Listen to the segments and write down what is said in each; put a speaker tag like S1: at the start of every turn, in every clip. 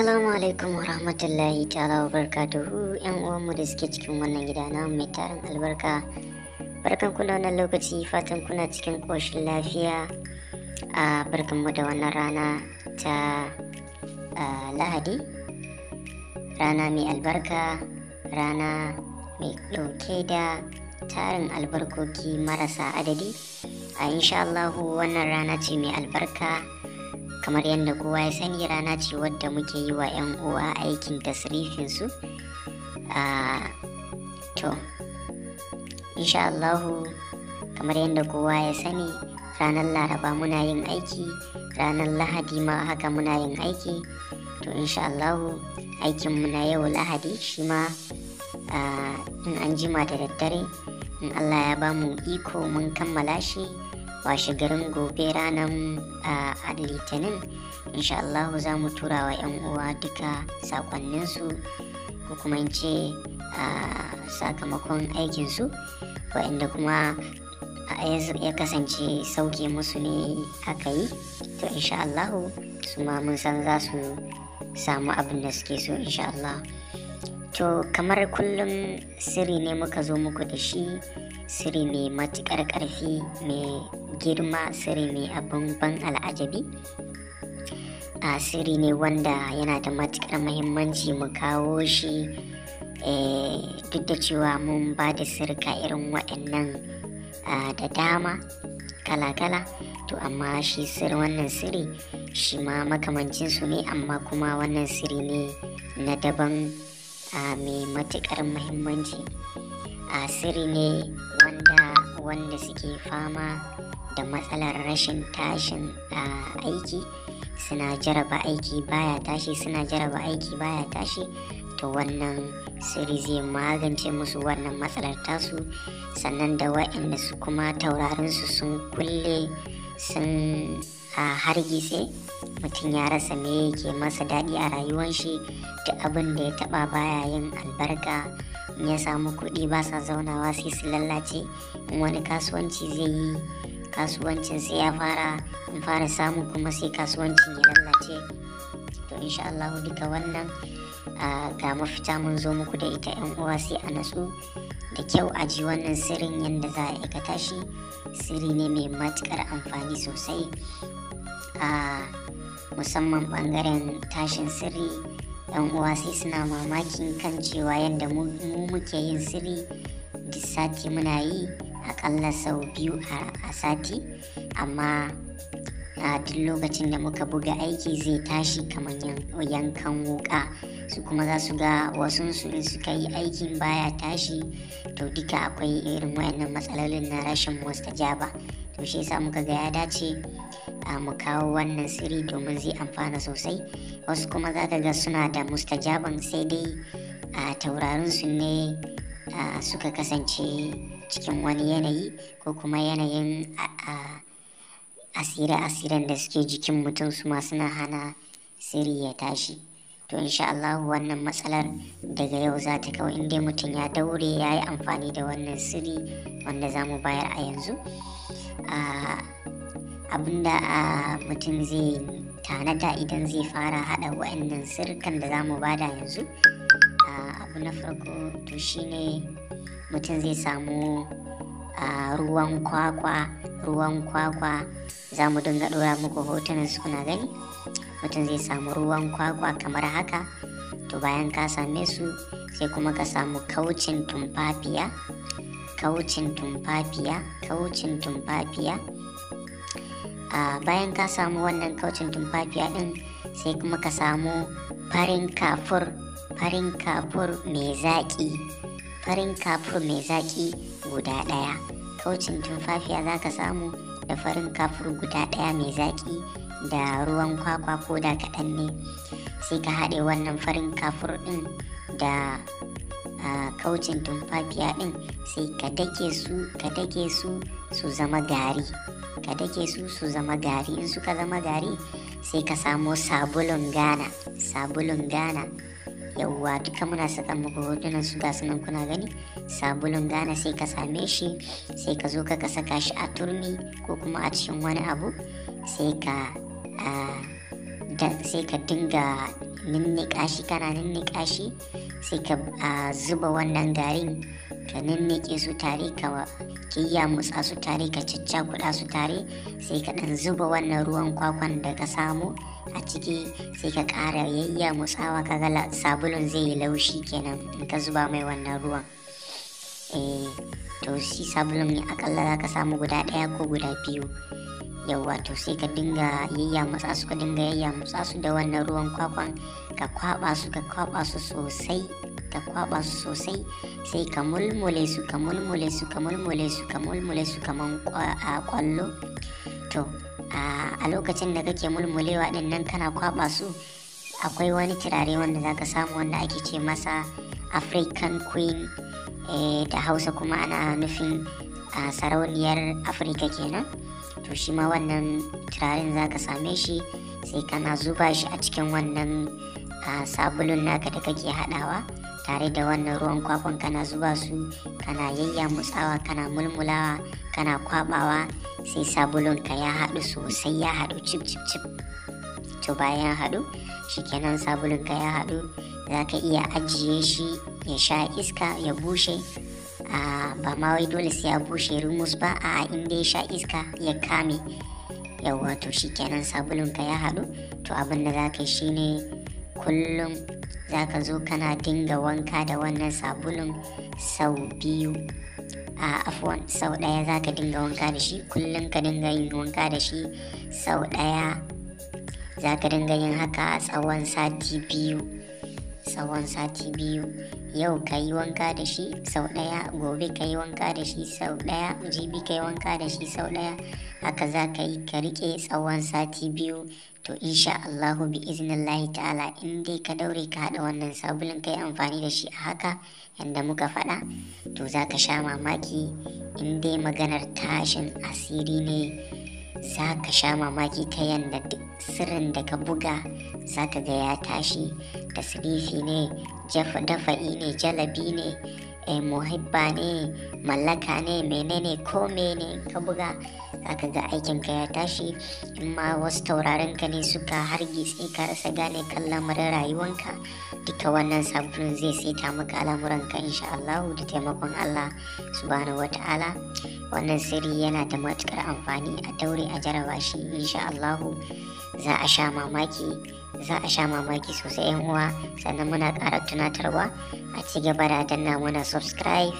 S1: Assalamu alaikum wa rahmatullahi ta'ala wa yan yan uwanmu da suke cikin wannan gida na mai tarin albarka. Barkan kuna wannan lokaci fatan kuna cikin koshin lafiya a barkanmu da wannan rana ta lahadi. Rana mai albarka, rana mai ɗauke da tarin albarkoki marasa adadi. A insha Allahu wannan rana ce mai albarka. kamar yadda kowa ya sani rana ce wadda muke yi wa 'yan uwa aikin tasrifinsu ah, to insha Allahu kamar yadda kowa ya sani ranar laraba muna yin aiki ranar lahadi ma haka muna yin aiki to insha Allahu aikinmu na yau lahadi shi ma ah, in an jima da daddare in Allah ya bamu iko mun kammala shi washe garin gobe ranar a litinin insha za mu tura wa 'yan uwa duka sakonninsu ko kuma in ce sakamakon aikinsu waɗanda kuma ya kasance sauke musu ne aka yi to insha su ma mun san za su samu abin da suke so insha to kamar kullum sirri ne muka zo muku da shi sirri mai matukar ƙarfi mai girma sirri ne abin ban al'ajabi a sirri ne wanda yana da matuƙar mahimmanci mu kawo shi eh, duk da cewa mun ba da sirka irin waɗannan da dama kala-kala to amma shi sir wannan sirri shi ma makamancinsu ne amma kuma wannan sirri ne na daban mai matuƙar mahimmanci a sirri ne wanda suke fama da matsalar rashin tashin ah, aiki suna jaraba aiki baya tashi suna jaraba aiki baya tashi to wannan siri zai magance musu wannan matsalar tasu sannan da waɗanda su kuma taurarinsu sun kulle sun a ah, hargitse mutum ya rasa me yake masa daɗi a rayuwar shi da abin da ya taɓa baya yin albarka in ya samu kuɗi ba sa zaunawa sai su lallace in wani kasuwanci zai yi kasuwancin sai ya fara fara samu kuma sai kasuwancin ya lallace to insha Allah duka wannan ga mafita mun zo muku da ita yan uwa sai a natsu da kyau a ji wannan sirrin yadda za a ika tashi. sirri ne mai matukar amfani sosai a musamman bangaren tashin sirri yan uwa sai suna mamakin kan cewa yadda mu muke yin sirri duk sati muna yi akalla sau biyu a sati amma a duk lokacin da muka buga aiki zai tashi kamar yankan wuka su kuma za su ga wasu su suka yi aikin baya tashi to duka akwai irin wayannan matsalolin na rashin jaba to shi yasa muka ga ya dace mu kawo wannan siri domin zai amfana sosai wasu kuma za ka ga suna da mustajaban sai dai a taurarin su ne suka kasance cikin wani yanayi ko kuma yanayin asire-asiren da suke jikin mutum su masu suna hana sirri ya tashi to insha Allah wannan matsalar daga yau za ta in inda mutum ya daure ya yi amfani da wannan sirri wanda za mu bayar a yanzu abinda mutum zai tanada idan zai fara hada wa'annan sirkan da za mu bada yanzu abu na farko to shine mutum zai samu ruwan kwakwa ruwan kwakwa za mu dinga ɗora muku hotunan su gani mutum zai samu ruwan kwakwa kamar haka to bayan ka same su sai kuma ka samu kaucin tumfafiya kaucin tumfafiya kaucin tumfafiya a bayan ka samu wannan kaucin tumfafiya ɗin sai kuma ka samu farin kafur farin kafur mai zaƙi farin kafur mai zaƙi guda ɗaya kaucin tumfafiya za ka samu da farin kafur guda ɗaya mai zaki da ruwan kwakwa ko da kaɗan ne sai ka haɗe wannan farin kafur ɗin da a kaucin tumfafiya ɗin sai ka dake su ka dake su su zama gari ka dake su su zama gari in suka zama gari sai ka samo sabulun gana sabulun gana yauwa duka muna saka muku hotunan su ga sunan kuna gani sabulun gana sai ka same shi sai ka zo ka saka shi a turmi ko kuma a cikin wani abu sai ka sai ka dinga ninnika shi kana ninnika shi sai ka zuba wannan garin ka ninnike su tare ka kiyya musa su tare ka caccakuɗa su tare sai ka ɗan zuba wannan ruwan kwakwan da ka samu a ciki sai ka ƙara yayya ka gala sabulun zai yi laushi kenan in ka zuba mai wannan ruwan eh to shi sabulun ne akalla za ka samu guda ɗaya ko guda biyu yawwa to sai ka dinga yayya musa su ka dinga yayya musa su da wannan ruwan kwakwan ka kwaba su ka kwaba su sosai ka kwaba su sosai sai ka mulmule su ka mulmule su ka mulmule su ka mulmule su kaman kwallo to a lokacin da kake mulmulewa din nan kana kwaba su akwai wani turare wanda zaka samu wanda ake ce masa african queen eh, da hausa kuma ana nufin sarauniyar afirka kenan to shi ma wannan turaren zaka same shi sai kana zuba shi a cikin wannan sabulun naka da kake haɗawa tare da wannan ruwan kwakwan kana zuba su kana yayyamutsawa kana mulmulawa kana kwabawa sai sabulunka ya haɗu sosai ya haɗu cip cip cip to bayan haɗu shikenan sabulunka ya haɗu za ka iya ajiye shi ya sha iska ya bushe ba ma wai dole sai ya bushe rumus ba a inda ya sha iska ya kame yawwa to shikenan sabulunka ya haɗu to abin da za ka yi shine kullum za ka zo kana dinga wanka da wannan sabulun sau biyu a afuwan sau ɗaya za ka dinga wanka da shi kullum ka dinga yin wanka da shi sau ɗaya za ka dinga yin haka a tsawon sati biyu tsawon sati biyu yau ka yi wanka da shi sau ɗaya gobe ka yi wanka da shi sau ɗaya jibi ka yi wanka da shi sau ɗaya haka za ka yi ka riƙe tsawon sati biyu to insha Allahu bi iznillahi ta'ala in dai ka daure ka haɗa wannan sabulun ka yi amfani da shi a haka yadda muka faɗa to za ka sha mamaki in dai maganar tashin asiri ne za ka sha mamaki ta yadda duk sirrin da ka buga za ka ga ya tashi tasrifi ne dafa'i ne jalabi ne kai eh, muhibba ne mallaka ne menene ko mene ka buga aka ga aikin ka ya tashi in ma wasu taurarin ka ne suka hargitse ka rasa gane kan lamarin rayuwanka duka wannan sabulun zai saita maka al'amuran ka insha Allah da taimakon Allah subhanahu wata'ala wannan sirri yana da matukar amfani a daure a jaraba shi insha Allah za a sha mamaki za a sha mamaki sosai yan uwa sannan muna ƙara tunatarwa a ci gaba da danna muna subscribe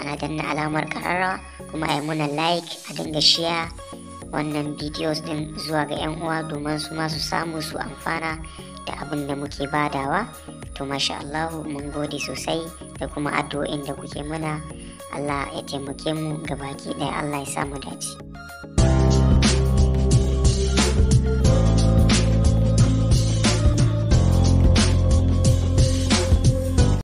S1: ana danna alamar ƙararra kuma a yi muna like a dinga shiya wannan videos din zuwa ga yan uwa domin su masu samu su amfana da abin da muke badawa to masha Allah mun gode sosai da kuma addu'o'in da kuke mana Allah ya taimake mu gabaki ɗaya Allah ya samu dace